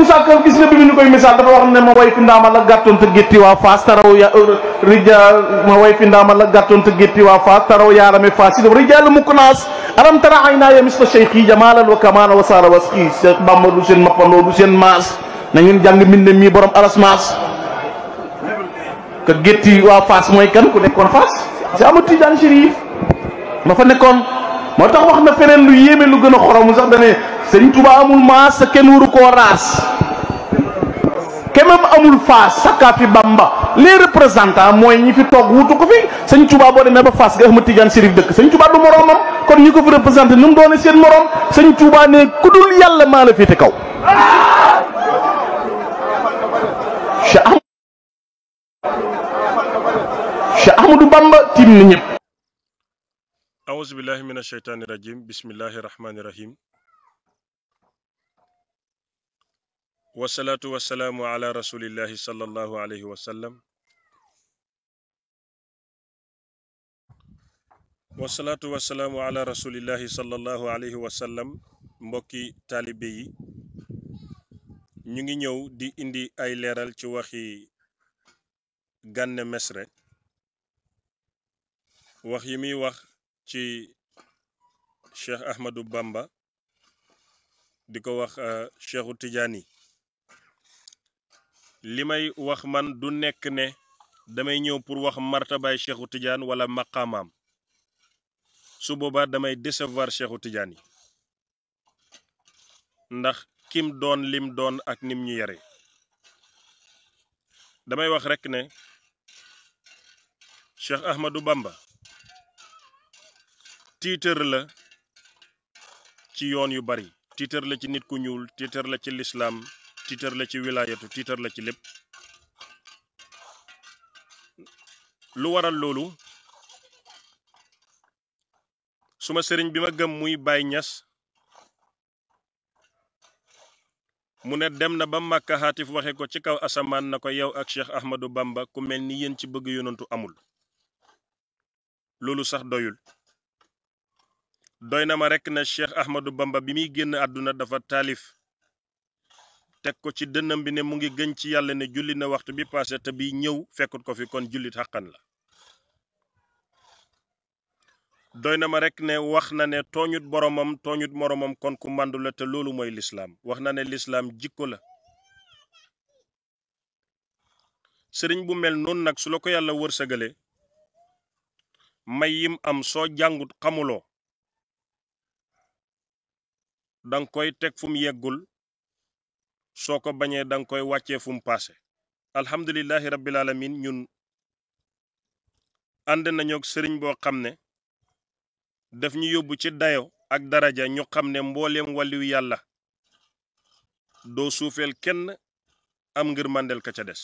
Moussa Ka gis nga bi ñu koy misaal dafa wax ne ma way fi ndaama la gàttoon te gétti waa Faas taraw ya euh, rija ma way fi ndaama la gàttoon te gétti waa Faas taraw yaarame naas alam tara ay naa ya mis la cheikh yi jamaalal wa kamaala wa saara was xii Cheikh Bamba du seen mappandoo du seen maas na ngeen jàng borom alas maas ka gétti waa Faas mooy kan ku nekkoon Faas si ama Tijaan Chérif ma fa nekkoon moo tax wax na feneen lu yéeme lu gën a xoromu sax dane sëñ Tuba amul maas kenn waru koo raas kenam amul faas sakkaa fi Bamba les représentants mooy ñi fi toog wutu ko fi sëñ Tuba boo demee ba faas nga Ahmad Tidiane Chérif dëkk sëñ Tuba du moroomam kon ñi ko fi représenté nu mu doone seen moroom sëñ Tuba ne ku dul yàlla maa la féete kaw Cheikh Ahmadou Bamba tiim na ñëpp aousubillahi min asheytaani rajim bismillahi rahmaani rahim wasalaatu wasalaamu ala rasulillahi sallallahu alayhi wa sallam ala rasulillahi sallallahu wa sallam mbokki taalibe yi ñu ngi ñëw di indi ay leeral ci waxi Gana Messere wax yi muy wax ci cheikh Ahmadou Bamba di ko wax euh, cheikhu Tidiane li may wax man du nekk ne damay ñëw pour wax martabaay cheikhu tijaan wala maqaamaam su boobaa damay décevoir cheikhu Tidiane ndax kim doon lim doon ak nim ñu yare damay wax rekk ne cheikh Ahmadou Bamba. tiitër la ci yoon yu bari tiitër la ci nit ku ñuul tiitër la ci lislaam tiitër la ci wilaayatu tiitër la ci lépp lu waral loolu suma sëriñ bi ma gëm muy Baay Ñas mu ne dem na ba Màkka xaatif waxe ko ci kaw asamaan na ko yow ak Cheikh Ahmadou Bamba ku mel ni yéen ci bëgg yonantu amul loolu sax doyul doy na ma rekk na Cheikh Ahmadou Bamba bi muy génn àdduna dafa taalif teg ko ci dënnam bi ne mu ngi gën ci yàlla ne julli na waxtu bi passé te bi ñëw fekkut ko fi kon jullit xàqan la doy na ma rekk ne wax na ne tooñut boromam tooñut moromam kon ku màndu la te loolu mooy lislaam wax na ne lislaam jikko la sëriñ bu mel noonu nag su la ko yàlla wërsëgale may yim am soo jàngut xamuloo danga koy teg fu mu yeggul soo ko bañee danga koy wàccee fu mu paase alhamdulilahi rabbil alamin ñun ànd nañoog sëriñ boo xam ne daf ñu yóbbu ci dayo ak daraja ñu xam ne mbooleem walliw yàlla doo suufeel kenn am ngir màndeel ka ca des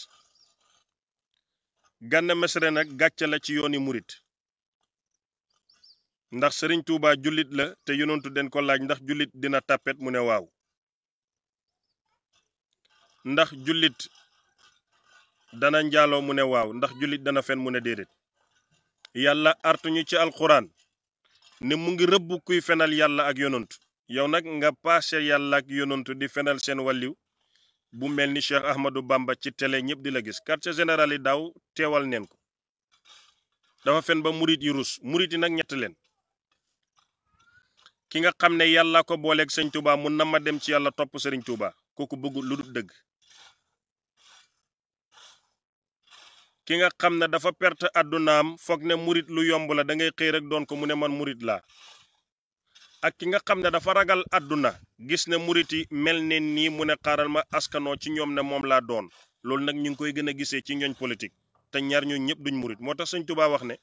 Gana nag gàcce la ci yooni murit ndax sëriñ tuuba jullit la te yonantu den ko laaj ndax jullit dina tàppet mu ne waaw ndax jullit dana njaaloo mu ne waaw ndax jullit dana fen mu ne déedéet yàlla artuñu ci alxuraan ne mu ngi rëbb kuy fenal yàlla ak yonantu yow nag nga paase yàlla ak yonantu di fenal seen walliw bu mel ni Cheikh Ahmadou Bamba ci tele ñëpp di la gis quartier général yi daw teewal neen ko dafa fen ba murit yi rus murit yi nag ñett leen ki nga xam ne yàlla ko booleek sëñ Touba mun na ma dem ci yàlla topp sëriñ Touba kooku bëggu lu dul dëgg ki nga xam ne dafa perte àddunaam foog ne murit lu yomb la da ngay xëy rek doon ko mu ne man murit laa ak ki nga xam ne dafa ragal àdduna gis ne murit yi mel ne nii mu ne xaaral ma askanoo ci ñoom ne moom laa doon loolu nag ñu ngi koy gën a gisee ci ñooñ politique te ñaar ñoo ñëpp duñ murit moo tax sëñ Touba wax ne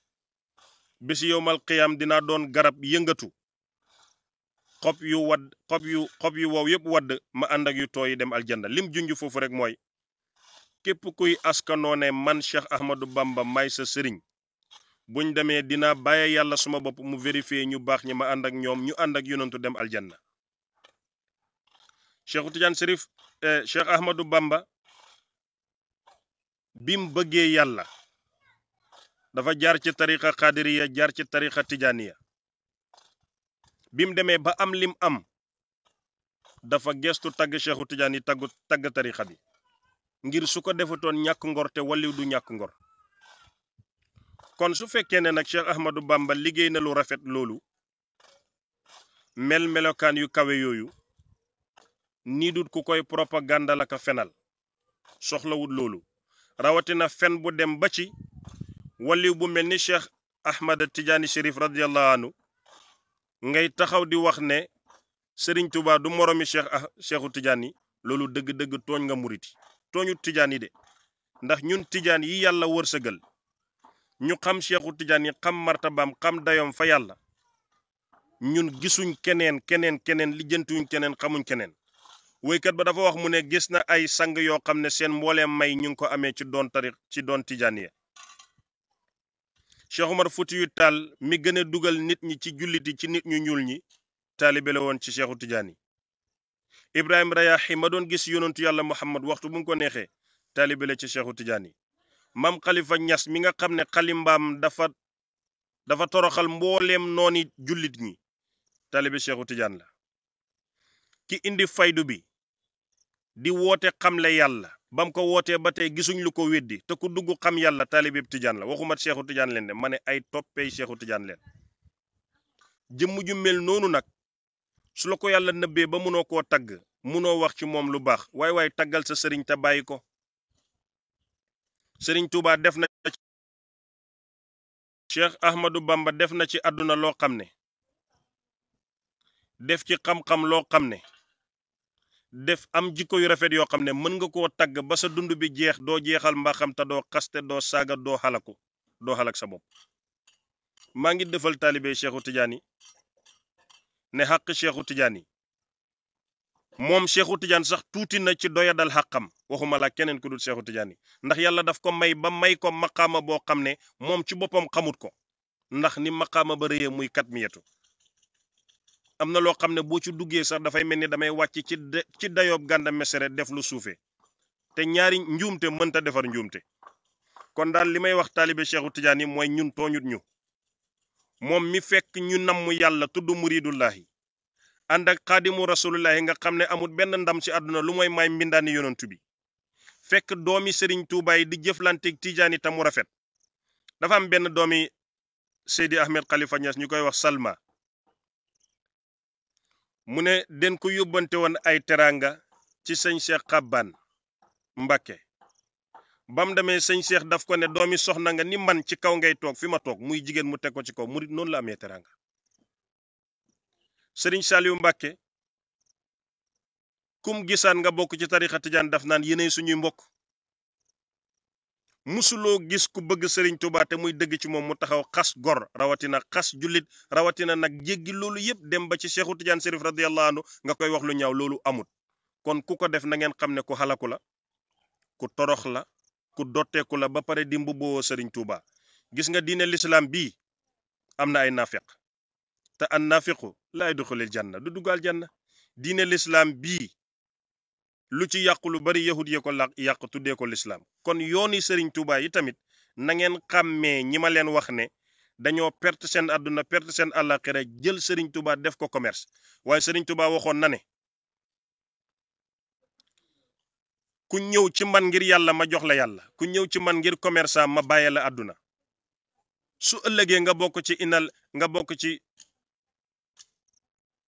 bisi yowmal qiyaam dinaa doon garab yëngatu xob yu wadd xob yu xob yu wow yëpp wadd ma ànd ak yu tooy dem aljanna lim junj foofu rek mooy képp kuy askanoo ne man Cheikh Ahmadou Bamba may sa sëriñ buñ demee dinaa bàyyi yàlla suma bopp mu vérifier ñu baax ñi ma ànd ak ñoom ñu ànd ak yonantu dem aljanna Cheikh Tidiane Serif eh, Cheikh Ahmadou Bamba bim bëggee yàlla dafa jaar ci tariqa qadiriya jaar ci tariqa tijaniya bi mu demee ba am lim am dafa gestu tagg Cheikhu Tidiane yi taggu tagg tarixa bi ngir su ko defutoon ñàkk ngor te walliw du ñàkk ngor kon su fekkee ne nag Cheikh Ahmadou Bamba liggéey na lu rafet loolu mel melokaan yu kawe yooyu nii du ku koy propagande la ka fenal soxlawut loolu rawatina fen bu dem ba ci walliw bu mel ni Cheikh Ahmad Tidiane Chérif radiyallahu anhu ngay taxaw di wax ne Serigne Touba du moromi cheikh ah cheikhu tijaan yi loolu dëgg-dëgg tooñ nga murit tooñu tijaan yi de ndax ñun tijaan yi yàlla wërsëgal ñu xam cheikhu tijaan yi xam martabaam xam dayoom fa yàlla ñun gisuñ keneen keneen keneen lijjantiwuñ keneen xamuñ keneen woykat ba dafa wax mu ne gis na ay sang yoo xam ne seen mboole may ñu ngi ko amee ci doon tarix ci doon tijaan ya Cheikh Omar Foutiyou Tall mi gën a dugal nit ñi ci julliti ci nit ñu ñuul ñi taalibe la woon ci Cheikhu Tidiane Ibrahima Rayahi ma doon gis yonantu yàlla Muhammad waxtu bu mu ko neexee taalibe la ci Cheikhu Tidiane maam Khalifa Niass mi nga xam ne xalimbaam dafa dafa toroxal mbooleem nooni julit ñi taalibe Cheikhu Tidiane la ki indi faydu bi di woote xamle yàlla bam ko wootee ba tey gisuñ lu ko weddi te ku dugg xam yàlla taalibeb tijaan la waxuma seexu tijaan leen de ma ne ay toppee seexu tijaan leen jëmm ju mel noonu nag su la ko yàlla nëbbee ba mënoo koo tagg mënoo wax ci moom lu baax waaye waaye taggal sa sëriñ te bàyyi ko sëriñ Touba def na Cheikh def na ci àdduna loo xam ne def ci xam-xam loo xam ne def am jikko yu rafet yoo xam ne mën nga koo tagg ba sa dund bi jeex doo jeexal mbaxam te doo xaste doo saaga doo xalaku doo xalak sa bopp maa ngi defal taalibe Cheikhu Tidiane ne xàq Cheikhu Tidiane moom Cheikhu Tidiane sax tuuti na ci doyadal xàqam waxuma la keneen ku dul Cheikhu Tidiane ndax yàlla daf ko may ba may ko maqaama boo xam ne moom ci boppam xamut ko ndax ni maqaama ba rëyee muy kat yetu am na loo xam ne boo ci duggee sax dafay mel ni damay wàcc ci ci dayoob gànda mesere def lu suufee te ñaari njuumte mënta defar njuumte kon daal li may wax taalibe Cheikhu Tidiane yi mooy ñun tooñut ñu moom mi fekk ñu namm yàlla tudd muridullahi ànd ak xaadimu rasulullahi nga xam ne amul benn ndam ci àdduna lu mooy may mbindaani yonantu bi fekk doomi sëriñ Tuuba yi di jëflanteeg Tidiane itam mu rafet dafa am benn doomi Seydi Ahmed Khalifa Niass ñu koy wax Salma mu ne den ko yóbbante woon ay teraanga ci sëñ Cheikh Xabbaan Mbakke bam demee sëñ Cheikh daf ko ne doomi soxna nga ni man ci kaw ngay toog fi ma toog muy jigéen mu teg ko ci kaw murit noonu la amee teraanga sëriñ Saliou Mbakke kum gisaan nga bokk ci tarixa tijaan daf naan yéenay suñuy mbokk musuloo gis ku bëgg sëriñ Touba te muy dëgg ci moom mu taxaw xas gor rawatina xas jullit rawatina nag jéggi loolu yëpp dem ba ci Cheikhu Tidiane Serif radiyallahu anhu nga koy wax lu ñaw loolu amut. kon ku ko def na ngeen xam ne ku xalaku la ku torox la ku dotteeku la ba pare di mbubboo Serigne Touba gis nga diine lislaam bii am na ay nafiq te an nafiqu laa yadxulul janna du duggaal janna diine lislaam bii. lu ci yàqu lu bari yahud ya ko làq yàq tuddee ko lislaam kon yooni seriñ Tuubaa yi tamit na ngeen ñi ma leen wax ne dañoo perte seen àdduna perte seen àllaaxira jël sëriñ Tuubaa def ko commerce waaye sëriñ Tuubaa waxoon na ne ku ñëw ci man ngir yàlla ma jox la yàlla ku ñëw ci man ngir commerçant ma bàyyee la àdduna su ëllëgee nga bokk ci inal nga bokk ci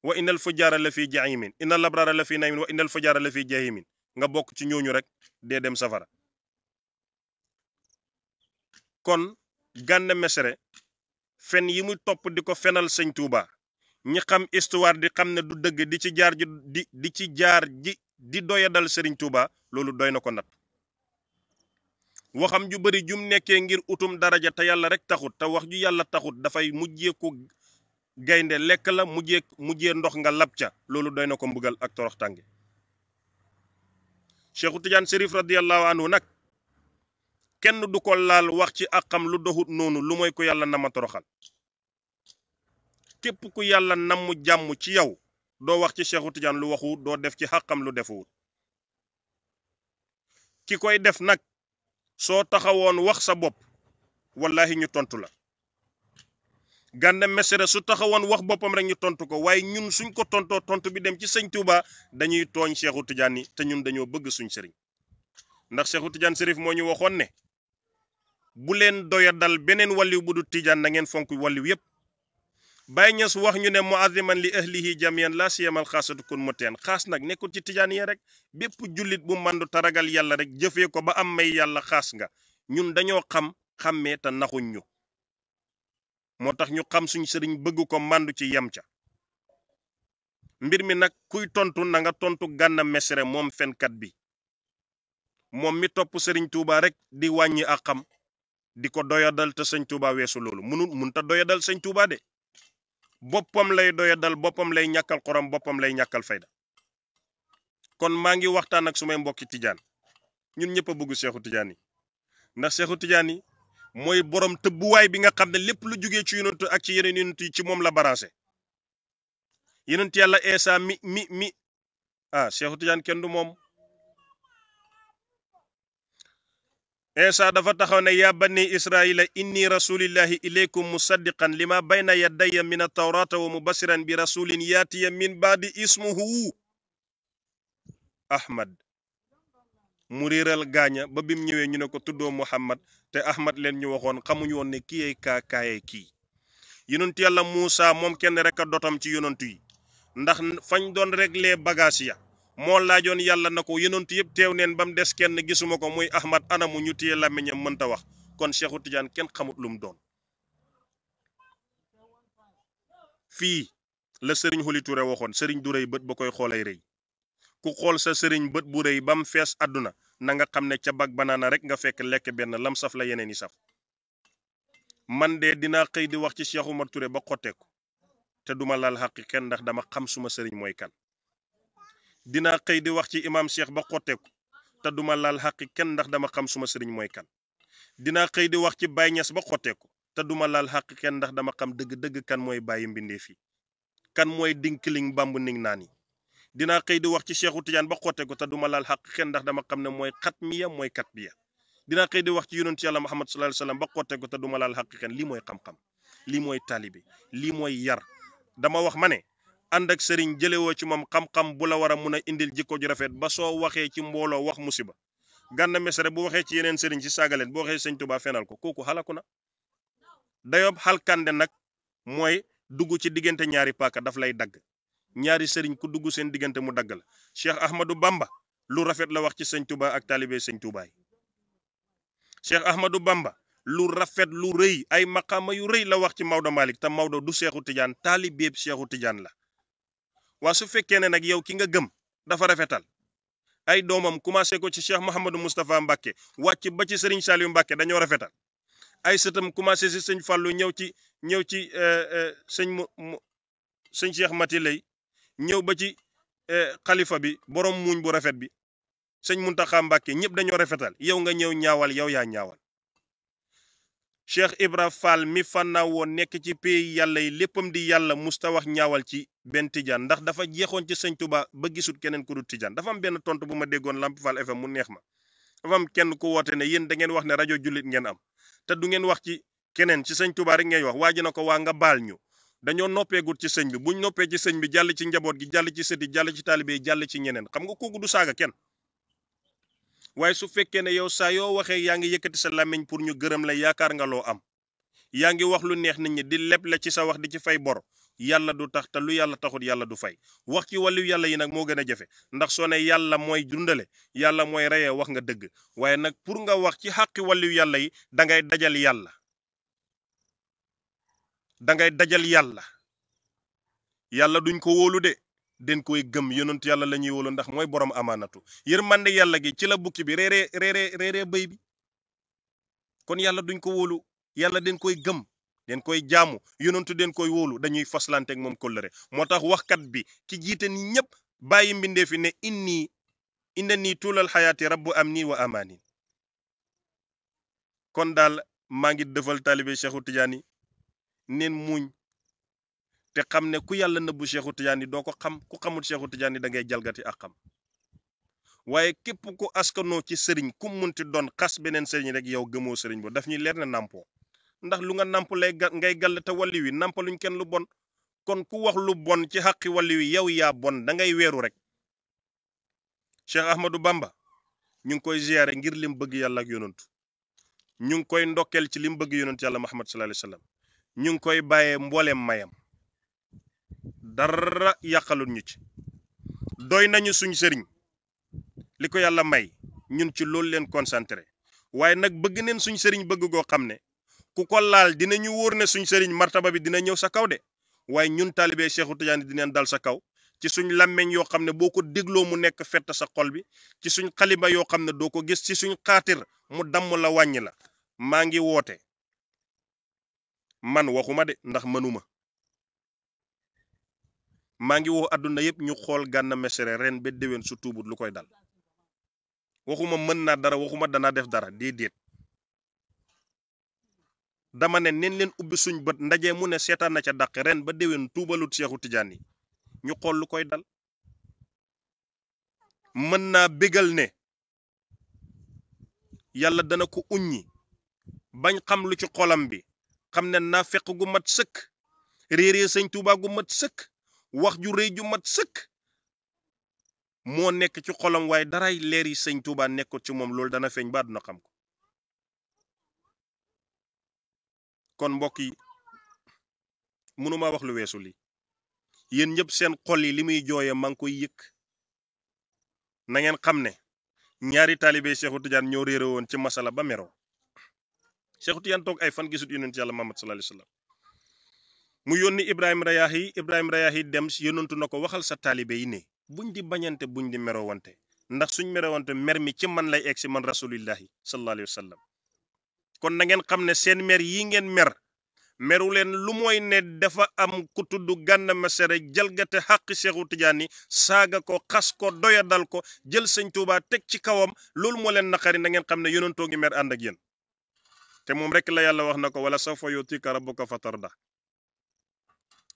wa innal fujjaara la fi jahimin innal labraara la fi naimin wa innal fujjaara la fi jahimin nga bokk ci ñooñu rek dee dem safara kon Gana Messere fen yi muy topp di ko fenal sëñ Touba ñi xam histoire di xam ne du dëgg di ci jaar di di ci jaar ji di doyadal Serigne Touba loolu doy na ko nat waxam ju bari jum nekkee ngir utum daraja te yàlla rek taxut te wax ju yàlla taxut dafay mujjeeku gaynde lekk la mujjee mujjee ndox nga lab ca loolu doy na ko mbugal ak torox tànge Cheikhu Tidiane Chérif radiallahu anhu nag kenn du ko laal wax ci àqam lu doxut noonu lu mooy ko yàlla nama toroxal képp ku yàlla namm jàmm ci yow doo wax ci Cheikhu Tidiane lu waxu doo def ci xàqam lu defuwut ki koy def nag soo taxawoon wax sa bopp wallahi ñu tontu la Gana Messere su taxawoon wax boppam rek ñu tontu ko waaye ñun suñ ko tontoo tontu bi dem ci sëñ Touba dañuy tooñ Cheikhou Tidiane te ñun dañoo bëgg suñ sëriñ ndax Cheikhou Tidiane Chérif moo ñu waxoon ne bu leen doya dal beneen wàlliw bu du Tidiane na ngeen fonk wàlliw yëpp Baye Niass wax ñu ne muaziman li ahlihi jamian la siyamal xaasatu kon mu teen xaas nag nekkul ci tijaan yi rek bépp jullit bu màndu taragal yàlla rek jëfee ko ba am may yàlla xaas nga ñun dañoo xam xàmmee te naxuñ ñu moo tax ñu xam suñ sëriñ bëgg ko màndu ci yem ca mbir mi nag kuy tontu na nga tontu Gana Messere moom fenkat bi moom mi topp sëriñ Touba rek di wàññi ak xam di ko doyadal te sëñ Touba weesu loolu munul munta doyadal sëñ Touba de boppam lay doyadal boppam lay ñàkkal xorom boppam lay ñàkkal fayda kon maa ngi waxtaan ak sumay mbokki tijaan ñun ñëpp bugg bëgg seexu tijaan ndax seexu tijaan yi mooy borom tëbbuwaay bi nga xam ne lépp lu jugee ci yonent ak ci yeneen yonent yi ci moom la baraase yonent yàlla Eesa mi mi mi ah Seexu Tijaan kenn du moom Eesa dafa taxaw ne yaa bani israila inni rasulillahi ilaykum musaddiqan lima bayna yadaya min at-tawrata wa mubasiran bi rasulin yaatiya min baadi ismuhu ahmad mu réeral gaaña ba bim ñëwee ñu ne ko tuddoo Muhammad te Ahmad leen ñu waxoon xamuñu woon ne kii ay kaa kaayee kii yonent yàlla Moussa moom kenn rek a dotam ci yonent yi ndax fañ doon régler bagage ya moo laajoon yàlla na ko yonent yëpp teew neen ba mu des kenn gisuma ko muy Ahmad anamu ñu téye làmmiñam mënta wax kon Cheikhu Tidiane kenn xamut lu mu doon. fii la Serigne Khouli Touré sëriñ Serigne rëy bët ba koy xoolay rëy. ku xool sa sëriñ bët bu rëy ba mu fees àdduna na nga xam ne ca bag banaana rek nga fekk lekk benn lam saf la yeneen yi saf man de dinaa xëy di wax ci Cheikh ma ture ba xotteeku te duma laal xaqi kenn ndax dama xam suma sëriñ mooy kan dinaa xëy di wax ci imaam Cheikh ba xotteeku te duma laal xaqi kenn ndax dama xam suma sëriñ mooy dinaa xëy di wax ci Baye Niass ba xotteeku te duma laal xaqi kenn ndax dama xam dëgg-dëgg kan mooy bàyyi mbindee fii kan mooy dinkiling bamb ning naan yi dina xëy di wax ci Cheikhu Tidiane ba xotte ko te duma ma laal xaq ndax dama xam ne mooy xat miya mooy kat biya dina xëy di wax ci yonent yàlla Muhammad sallallahu alayhi wasallam ba xotte ko te du ma laal xaq kenn lii mooy xam-xam lii mooy taalibe lii mooy yar dama wax ma ne ànd ak sëriñ jëlewoo ci moom xam-xam bu la war a mun a indil jikko ju rafet ba soo waxee ci mbooloo wax musiba ganna Messere bu waxee ci yeneen sëriñ ci saagaleen bu waxee sëñ Tuubaa fenal ko kooku xalaku na dayoob xalkande nag mooy dugg ci diggante ñaari paaka daf lay dagg ñaari sëriñ ku dugg seen diggante mu dagg la Cheikh Ahmadou Bamba lu rafet la wax ci sëñ Touba ak taalibe sëñ Touba yi Cheikh Ahmadou Bamba lu rafet lu rëy ay maqaama yu rëy la wax ci Maodo Malick te Maodo du Seexu Tijaan taalibeeb Seexu Tijaan la waa su fekkee ne nag yow ki nga gëm dafa rafetal ay doomam commencé ko ci Cheikh Mouhamadou Moustapha Mbacke wàcc ba ci sëriñ Saliou Mbacke dañoo rafetal ay sëtam commencé si sëñ Fallou ñëw ci ñëw ci euh, euh, sëñ mu sëñ Cheikh Mati lay ñëw ba ci kalifa eh, bi borom muuñ bu rafet bi sëñ Muntaxa Mbàkke ñëpp dañoo rafetal yow nga ñëw ñaawal yow yaa ñaawal Cheikh Ibra Fall mi fànna woon nekk ci pays yàlla yi léppam di yàlla musta wax ñaawal ci benn tijaan ndax dafa jeexoon ci sëñ Tuba ba gisul keneen ku dul tijaan dafa am benn tontu bu ma déggoon Lamp Fall FM mu neex ma dafa am kenn ku woote ne yéen da ngeen wax ne rajo jullit ngeen am te du ngeen wax ci keneen ci sëñ Tuba rek ngay wax waaj na ko waa nga baal ñu dañoo noppeegul ci sëñ bi buñ noppee ci sëñ bi jàll ci njaboot gi jàll ci sëti jàll ci taalibe jàll ci ñeneen xam nga kooku du saaga kenn waaye su fekkee ne yow saa yoo waxee yaa ngi yëkkati sa làmmiñ pour ñu gërëm la yaakaar nga loo am yaa ngi wax lu neex nit ñi di leb la ci sa wax di ci fay boro yàlla du tax te lu yàlla taxut yàlla du fay wax ci wàllu yàlla yi nag moo gën a jafe ndax soo ne yàlla mooy dundale yàlla mooy reyee wax nga dëgg waaye nag pour nga wax ci xàqi wàllu yàlla yi da ngay dajal yàlla da ngay dajal yàlla yàlla duñ ko woolu de den koy gëm yonent yàlla la ñuy wóolu ndax mooy boroom amaanatu yërmande yàlla gi ci la bukki bi reeree reeree reeree bi kon yàlla duñ ko woolu yàlla den koy gëm den koy jaamu yonentu den koy wóolu dañuy faslanteeg moom kóllëre moo tax waxkat bi ki jiite ni ñëpp bàyyi mbindee fi ne inni inna nii tuulal xayaati rabbu am nii wa amaanin kon daal maa ngi defal taalibe Cheikhu Tidiane neen muuñ te xam ne ku yàlla nëbbu Cheikhu Tidiane doo ko xam ku xamul Cheikhu Tidiane da ngay jalgati ak xam waaye képp ko askanoo ci sëriñ ku munti doon xas beneen sëriñ rek yow gëmoo sëriñ bo daf ñuy leer na nàmpoo ndax lu nga nàmp lay ngay gàll te wàlli wi kenn lu bon kon ku wax lu bon ci xaqi wàlli wi yow yaa bon da ngay weeru rek Cheikh Ahmadou Bamba ñu ngi koy ziyaare ngir lim bëgg yàlla ak yonantu ñu koy ndokkeel ci lim bëgg yonantu yàlla Muhammad sallallahu alayhi wasallam ñu ngi koy bàyyee mbooleem mayam dara yàqalul ñu ci doy nañu suñ sëriñ li ko yàlla may ñun ci loolu leen concentré waaye nag bëgg neen suñ sëriñ bëgg goo xam ne ku ko laal dina ñu wóor ne suñ sëriñ martaba bi dina ñëw sa kaw de waaye ñun taalibee Seexu Tijaan dinañ dal sa kaw ci suñ làmmeñ yoo xam ne boo ko dégloo mu nekk fett sa xol bi ci suñ xalima yoo xam ne doo ko gis ci suñ xaatir mu damm la wàññi la maa ngi woote man waxuma de ndax mënuma maa ngi woo àdduna yëpp ñu xool gànna Messere ren ba déwén su tuubut lu koy dal waxuma mën naa dara waxuma danaa def dara déedéet dama ne nen leen ubbi suñ bët ndaje mu ne seetaan na ca dàq ren ba déwén tuubalut Seexu Tijaan yi ñu xool lu koy dal mën naa bégal ne yàlla dana ko uññi bañ xam lu ci xolam bi xam ne naa feq gu mat sëkk réeree sëñ Tuubaa gu mat sëkk wax ju rëy ju mat sëkk moo nekk ci xolam waaye dara leer yi sëñ Tuubaa nekkut ci moom loolu dana feeñ ba àdduna xam ko kon mbokk yi mënuma wax lu weesu lii yéen ñëpp seen xol yi li muy jooye maa ngi koy yëg na ngeen xam ne ñaari taalibe Seexu Tijaan ñoo réere woon ci masala ba meroo Cheikh Tidiane toog ay fan gisut yonent yàlla Muhammad sallallahu alayhi wa sallam mu yónni Ibrahima Rayaahi Ibrahima Rayaahi dem si yónnantu na ko waxal sa taalibe yi ne buñ di bañante buñ di merowante ndax suñ merowante mer mi ci man lay egg si man rasulillahi sallallahu alayhi wa sallam kon na ngeen xam ne seen mer yi ngeen mer meru leen lu mooy ne dafa am ku tudd Gana Messere jalgate xàq Seexu Tijaan yi saaga ko xas ko doya dal ko jël sëñ Tuubaa teg ci kawam loolu moo leen naqari na ngeen xam ne yonantoo ngi mer ànd ak yéen te moom rek la yàlla wax na ko wala sawfa yutika rabbuka fatarda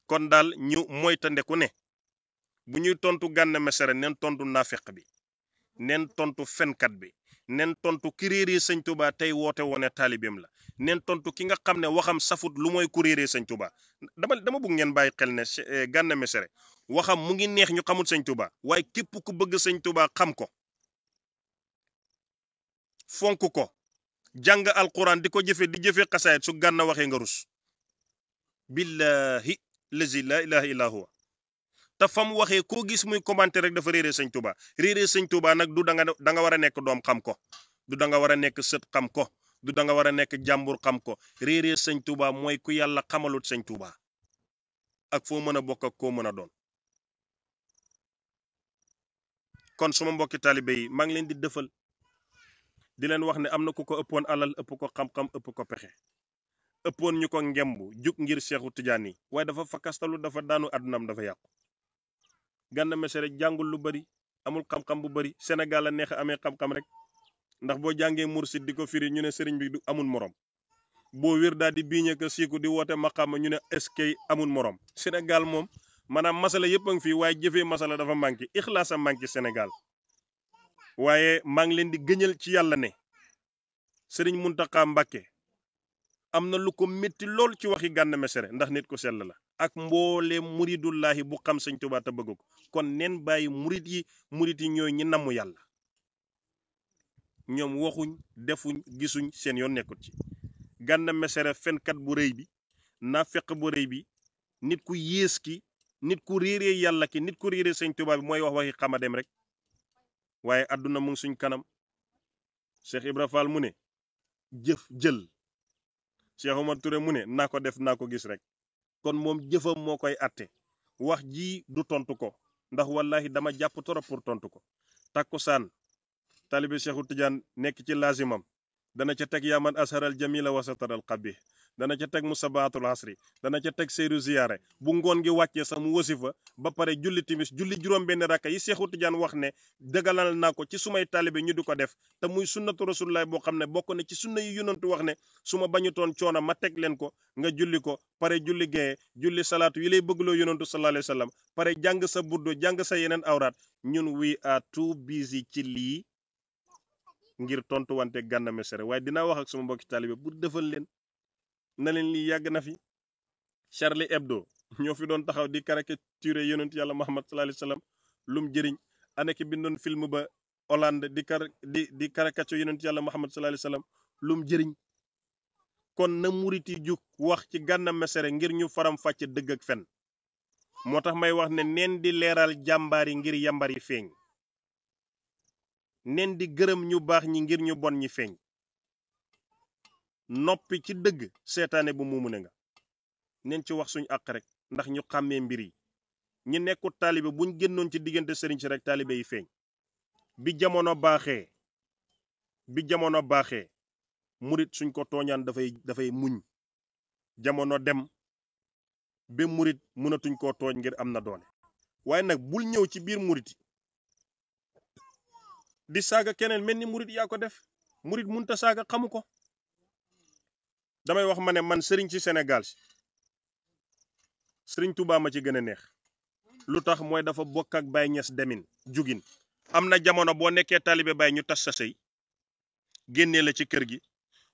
kon daal ñu moytandeku ne bu ñuy tontu gànn mesere nen tontu naafeq bi neen tontu fenkat bi nen tontu ki réeree sëñ Tuubaa tey woote wone taalibeem la neen tontu ki nga xam ne waxam safut lu mooy ku réeree sëñ Tuubaa dama dama ngeen bàyyi xel ne eh, gànn mesere waxam mu ngi neex ñu xamul sëñ Tuubaa waaye képp ku bëgg sañ Tuubaa xam ko fonk ko jàng alquran di ko jëfe di jëfe xasaayit su gànna waxee nga rus billahi lazi la ilaha illa huwa te fa mu waxee koo gis muy commenté rek dafa réeree sëñ Touba réeree sëñ Touba nag du da nga war a nekk doom xam ko du danga nga war a nekk sët xam ko du da nga war a nekk jàmbur xam ko réeree sëñ Touba mooy ku yàlla xamalut sëñ Touba ak foo mën a bokk ak koo mën a doon. kon suma mbokki taalibe yi maa ngi leen di dëfal di leen wax ne am na ku ko ëppoon alal ëpp ko xam-xam ëpp ko pexe ëppoon ñu ko ngemb jug ngir Seexu Tijaan yi waaye dafa fakkastalu dafa daanu àddunaam dafa yàqu Gana Messere jàngul lu bari amul xam-xam bu bari Sénégal la neex amee xam-xam rek ndax boo jàngee mursid di ko firi ñu ne sëriñ bi du amul morom boo wér daal di biiñe ko siiku di woote maqaama ñu ne eskay amul morom Sénégal moom maanaam masala yëpp a ngi fii waaye jëfee masala dafa manqué ixlaas a manqué Sénégal waaye maa ngi leen di gëñal ci yàlla ne sëriñ Muntaxa Mbàkke am na lu ko métti lool ci waxi Gana Messere ndax nit ko sell la ak mboolee muridullaahi bu xam sëñ Tuubaa bëgg ko kon neen bàyyi murit yi murit yi ñooy ñi namu yàlla ñoom waxuñ defuñ gisuñ seen yoon nekkut ci Gana Messere fenkat bu rëy bi naafeq bu rëy bi nit ku yées ki nit ku réeree yàlla ki nit ku réeree sëñ Tuubaa bi mooy wax waxi xamadem rek waaye àdduna mu suñ kanam Cheikh Ibra Fall mu ne jëf jël Cheikh Omar Touré mu ne naa ko def naa ko gis rek kon moom jëfam moo koy atte wax ji du tontu ko ndax wallahi dama jàpp torop pour tontu ko takkusaan taalibe Cheikhu Tidiane nekk ci laasimam dana ca teg yaaman asharal jamila wasatar al qabih dana ca teg mu musabaatul asri dana ca teg seyru ziyaare bu ngoon gi wàccee sax mu wasifa ba pare julli timis julli juróom-benn rakka yi Seexu Tijaan wax ne dëggalal naa ko ci sumay taalibe ñu di ko def te muy sunnatu rasulullah boo xam ne bokk na ci sunna yu yonantu wax ne su ma bañutoon coono ma teg leen ko nga julli ko pare julli gaye julli salaatu yi lay bëggloo yonantu sallallahu alayhi wa sallam pare jàng sa buddo jàng sa yeneen awraat ñun we are too busy ci lii ngir tontuwante Gana Messere waaye dinaa wax ak sama mbokki taalibe pour defal leen na leen lii yàgg na fi Charlie Hebdo ñoo fi doon taxaw di caricature yonent yàlla Muhammad sallallahu alayhi wasallam lum jëriñ ana ki bindoon film ba Hollande di car di di caricature yonent yàlla Muhammad sallallahu alayhi lum jëriñ kon na murit yi wax ci Gana Messere ngir ñu faram fàcce dëgg ak fen moo tax may wax ne neen di leeral jàmbaar yi ngir yàmbar yi feeñ neen di gërëm ñu baax ñi ngir ñu bon ñi feeñ noppi ci dëgg seetaane bu muumu ne nga neen ci wax suñu àq rek ndax ñu xàmmee mbir yi ñu nekkul taalibe buñ génnoon ci diggante sëriñ si rek taalibe yi feeñ bi jamono baaxee bi jamono baaxee murit suñ ko tooñaan dafay dafay muñ jamono dem ba murit mënatuñ ko tooñ ngir am na doole waaye nag bul ñëw ci biir murit yi di saaga keneen mel ni murit yaa ko def murit munta saaga xamu ko damay wax ma ne man sëriñ ci senegal si sëriñ Touba ma ci gën a neex lu tax mooy dafa bokk ak bay Niass demin jugin am na jamono boo nekkee taalibe Baye ñu tas sa sëy génnee la ci kër gi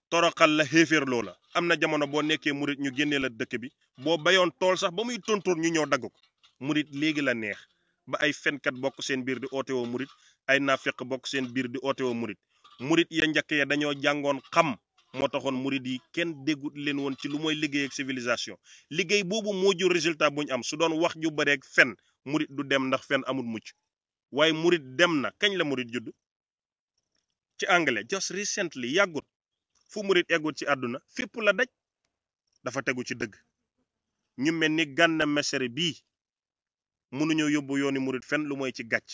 toroqal la xéeféer la am na jamono boo nekkee murit ñu génnee la dëkk bi boo bayoon tool sax ba muy tontóor ñu ñëw dagg ko murit léegi la neex ba ay fenkat bokk seen biir di oote woo murit ay naafeq bokk seen biir di oote murit murit ya njëkk ya dañoo jàngoon xam moo taxoon murid yi kenn déggut leen woon ci lu mooy liggéey ak civilisation liggéey boobu moo jur résultat bu ñu am su doon wax ju bareeg fen murid du dem ndax fen amul mucc waaye murid dem na kañ la murid judd ci anglais just recently yàggut fu murid eggut ci àdduna fépp la daj dafa tegu ci dëgg ñu mel ni gànna mesere bii mënuñoo yóbbu yooni murid fen lu mooy ci gàcc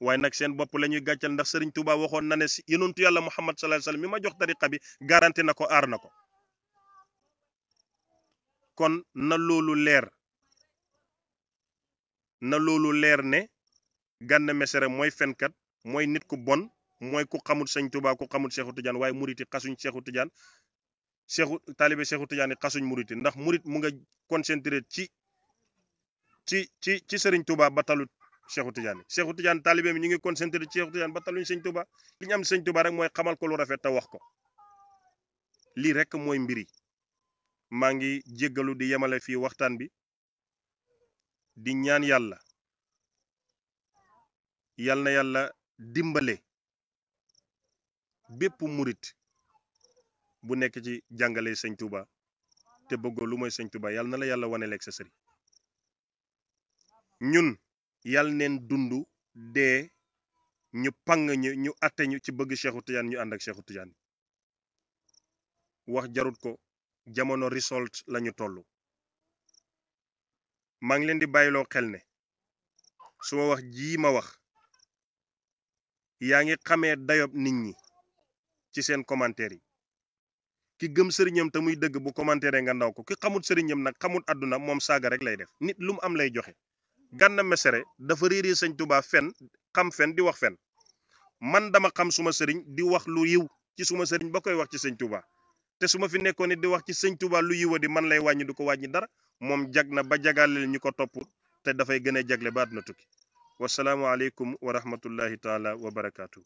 waaye nag seen bopp la ñuy gàccal ndax sëriñ Touba waxoon na ne si yonentu yàlla Muhammad sallallahu alayhi wasallam mi ma jox tariqa bi garanti na ko aar na ko kon na loolu leer na loolu leer ne Gana Messere mooy fenkat mooy nit ku bon mooy ku xamul sëñ Touba ku xamul Seexu Tijaan waaye muriti xasuñ Seexu Tijaan Seexu taalibe Seexu Tijaan yi xasuñ muriti ndax murit mu nga concentré ci ci ci ci sëriñ Touba ba talut Cheikhu tijaan Cheikhu Tidiane taalibe mi ñu ngi concentré ci Cheikhu Tidiane ba taluñ sëñ Touba li ñu am sëñ Touba rek mooy xamal ko lu rafet te wax ko lii rek mooy mbir maa ngi jéggalu di yemale fii waxtaan bi di ñaan yàlla yal na yàlla dimbale bépp murit bu nekk ci jàngale sëñ Touba te bëggoo lu mooy sëñ Touba yal na la yàlla waneleeg sa sëriñ ñun. yal neen dund hmm. dee ñu pang ñu ñu ñu ci bëgg Cheikhu Tidiane ñu ànd ak Cheikhu wax jarut ko jamono result la ñu toll maa ngi leen di bàyyiloo xel ne su wax jii ma wax yaa ngi xamee dayob nit ñi ci seen commentaire yi ki gëm sëriñam te muy dëgg bu commentaire nga ndaw ko ki xamut sëriñam nag xamut àdduna moom saaga rek lay def nit lu mu am lay joxe Gana Messere dafa réeree sañ Touba fen xam fen di wax fen man dama xam suma sëriñ di wax lu yiw ci suma sëriñ ba koy wax ci sëñ Touba te su ma fi nekkoon it di wax ci sëñ Touba lu yiwa di man lay wàññi du ko wàññi dara moom jag na ba jagaaleel ñu ko topp te dafay gën a jagle ba àdduna tukki wasalaamualeykum wa rahmatullahi taala wa barakaatu.